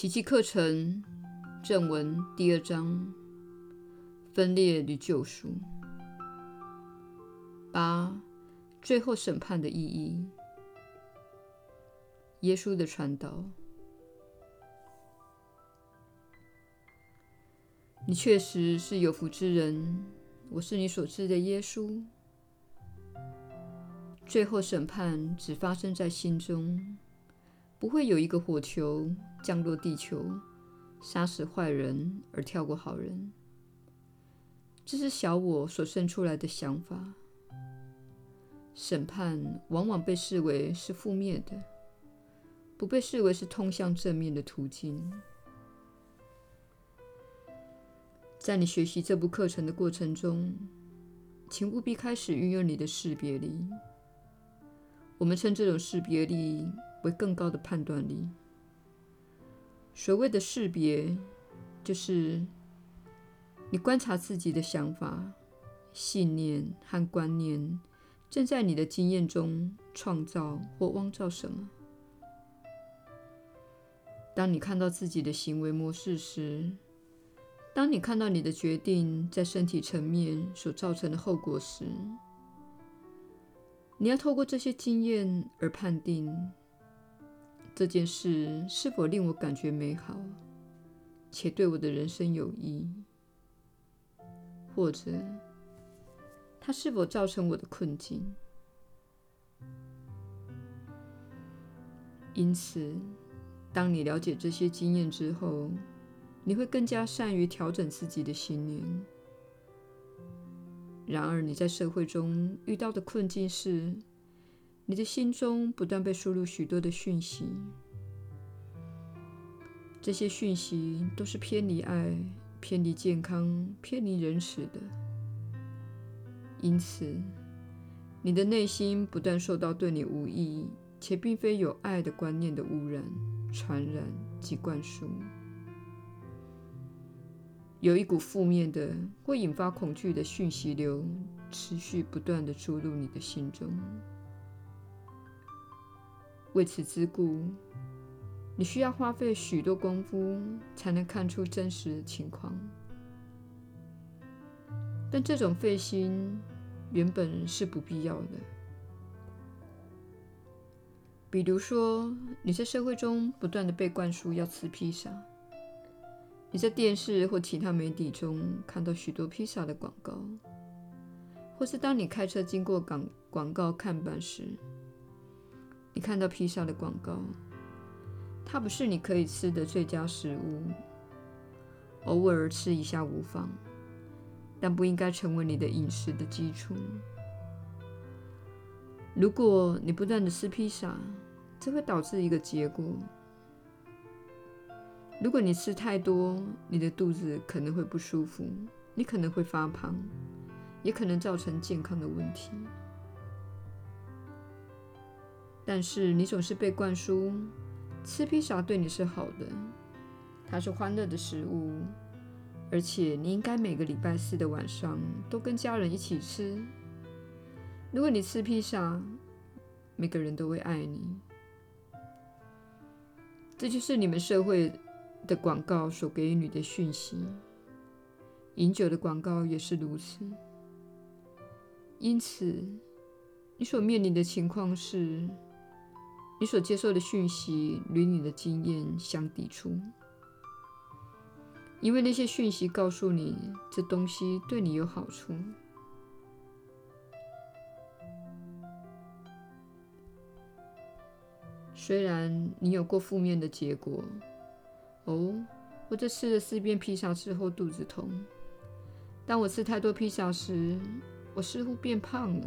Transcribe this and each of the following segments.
奇蹟課程正文第二章：分裂與救贖。八、最後審判的意義。耶穌的傳導，你確實是有福之人。我是你所知的耶穌。最後審判只發生在心中，不會有一個火球。降落地球，殺死壞人而跳過好人，這是小我所生出來的想法。審判往往被視為是負面的，不被視為是通向正面的途徑。在你學習這部課程的過程中，請務必開始運用你的識別力。我們稱這種識別力為更高的判斷力。所謂的識別，就是你觀察自己的想法、信念和觀念正在你的經驗中創造或妄造什麼。當你看到自己的行為模式時，當你看到你的決定在身體層面所造成的後果時，你要透過這些經驗而判定。這件事是否令我感覺美好，且對我的人生有益？或者，它是否造成我的困境？因此，當你了解這些經驗之後，你會更加擅於調整自己的心念。然而，你在社會中遇到的困境是，你的心中不斷被輸入許多的訊息，這些訊息都是偏離愛、偏離健康、偏離仁慈的。因此，你的內心不斷受到對你無益且並非有愛的觀念的污染、傳染及灌輸。有一股負面的、會引發恐懼的訊息流，持續不斷地注入你的心中。為此之故，你需要花費許多功夫才能看出真實的情況。但這種費心原本是不必要的。比如說，你在社會中不斷的被灌輸要吃披薩；你在電視或其他媒體中看到許多披薩的廣告；或是當你開車經過廣廣告看板時。你看到披薩的廣告，它不是你可以吃的最佳食物。偶爾吃一下無妨，但不應該成為你的飲食的基礎。如果你不斷的吃披薩，這會導致一個結果：如果你吃太多，你的肚子可能會不舒服，你可能會發胖，也可能造成健康的問題。但是你總是被灌輸，吃披薩對你是好的，它是歡樂的食物，而且你應該每個禮拜四的晚上都跟家人一起吃。如果你吃披薩，每個人都會愛你。這就是你們社會的廣告所給予你的訊息。飲酒的廣告也是如此。因此，你所面臨的情況是，你所接受的訊息與你的經驗相抵觸，因為那些訊息告訴你這東西對你有好處，雖然你有過負面的結果。哦，我在吃了四片披薩之後肚子痛，當我吃太多披薩時，我似乎變胖了。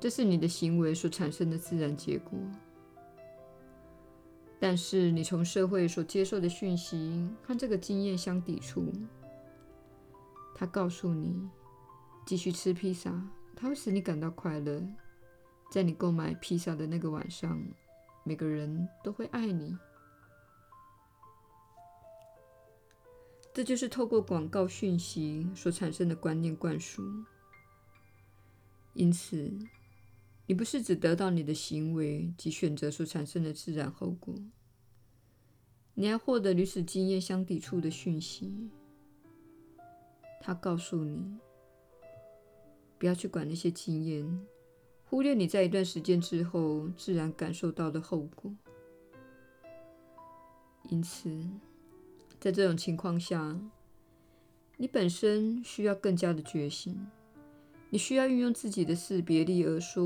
這是你的行為所產生的自然結果，但是你從社會所接受的訊息和這個經驗相抵觸。它告訴你，繼續吃披薩，它會使你感到快樂。在你購買披薩的那個晚上，每個人都會愛你。這就是透過廣告訊息所產生的觀念灌輸，因此，你不是只得到你的行為及選擇所產生的自然後果，你還獲得與此經驗相抵觸的訊息。它告訴你，不要去管那些經驗，忽略你在一段時間之後自然感受到的後果。因此，在這種情況下，你本身需要更加的儆醒。你需要運用自己的識別力而說，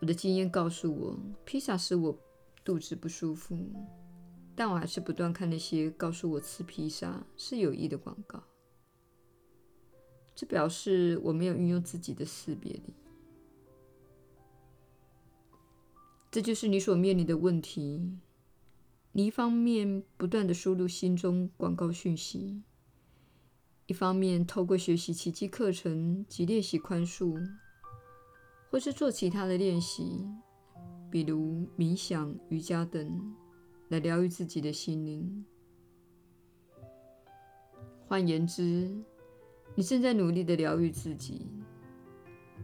我的經驗告訴我，披薩使我肚子不舒服，但我還是不斷看那些告訴我吃披薩是有益的廣告。這表示我沒有運用自己的識別力。這就是你所面臨的問題：你一方面不斷地輸入心中廣告訊息。一方面，透過學習奇蹟課程及練習寬恕，或是做其他的練習，比如冥想、瑜伽等，來療癒自己的心靈。換言之，你正在努力的療癒自己，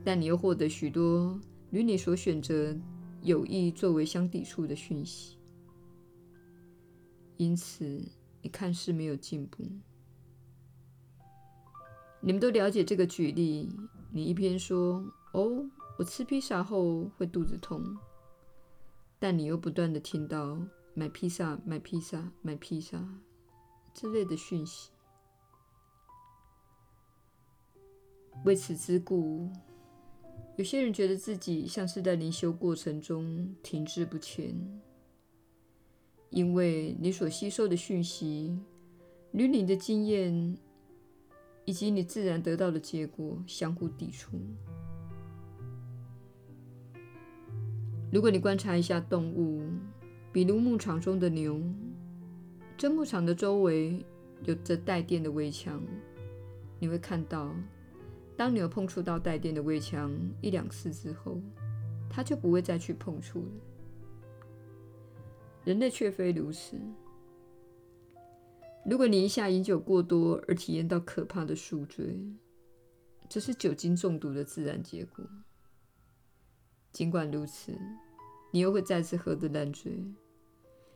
但你又獲得許多與你所選擇有益作為相抵觸的訊息。因此，你看似沒有進步。你們都了解這個舉例。你一邊說“哦，我吃披薩後會肚子痛”，但你又不斷地聽到“買披薩，買披薩，買披薩”之類的訊息。為此之故，有些人覺得自己像是在靈修過程中停滯不前，因為你所吸收的訊息與你的經驗，以及你自然得到的結果相互抵觸。如果你觀察一下動物，比如牧場中的牛，這牧場的周圍有着帶電的圍牆，你會看到，當牛碰觸到帶電的圍牆一兩次之後，它就不會再去碰觸了。人類卻非如此。如果你一下飲酒過多而體驗到可怕的宿醉，這是酒精中毒的自然結果。儘管如此，你又會再次喝得爛醉。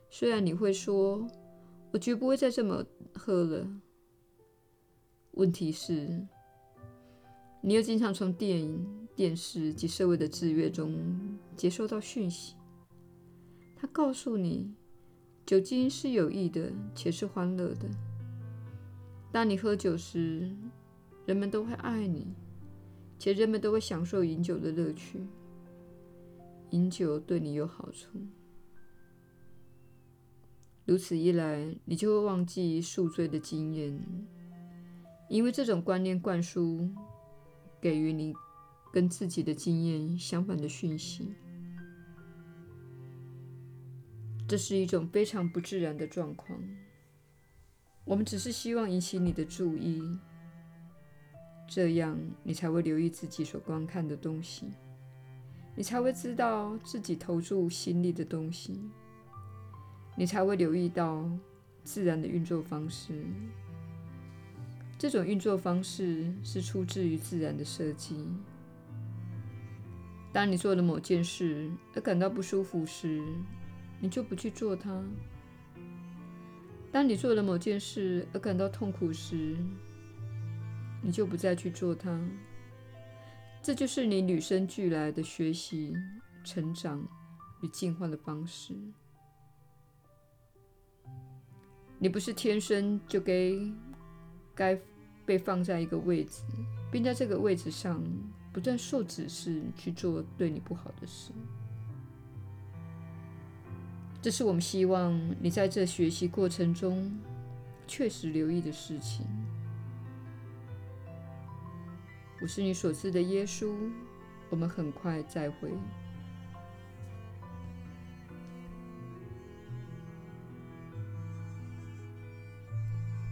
雖然你會說“我絕不會再這麼喝了”，問題是，你又經常從電影、電視及社會的制約中接收到訊息，它告訴你，酒精是有益的，且是歡樂的。當你喝酒時，人們都會愛你，且人們都會享受飲酒的樂趣。飲酒對你有好處，如此一來，你就會忘記宿醉的經驗，因為這種觀念灌輸給予你跟自己的經驗相反的訊息。這是一種非常不自然的狀況。我們只是希望引起你的注意，這樣你才會留意自己所觀看的東西，你才會知道自己投注心力的東西，你才會留意到自然的運作方式。這種運作方式是出自於自然的設計。當你做了某件事而感到不舒服時，你就不去做它。當你做了某件事而感到痛苦時，你就不再去做它。這就是你與生俱來的學習、成長與進化的方式。你不是天生就該該被放在一個位置，並在這個位置上不斷受指示去做對你不好的事。這是我們希望你在這學習過程中確實留意的事情。我是你所知的耶穌，我們很快再會。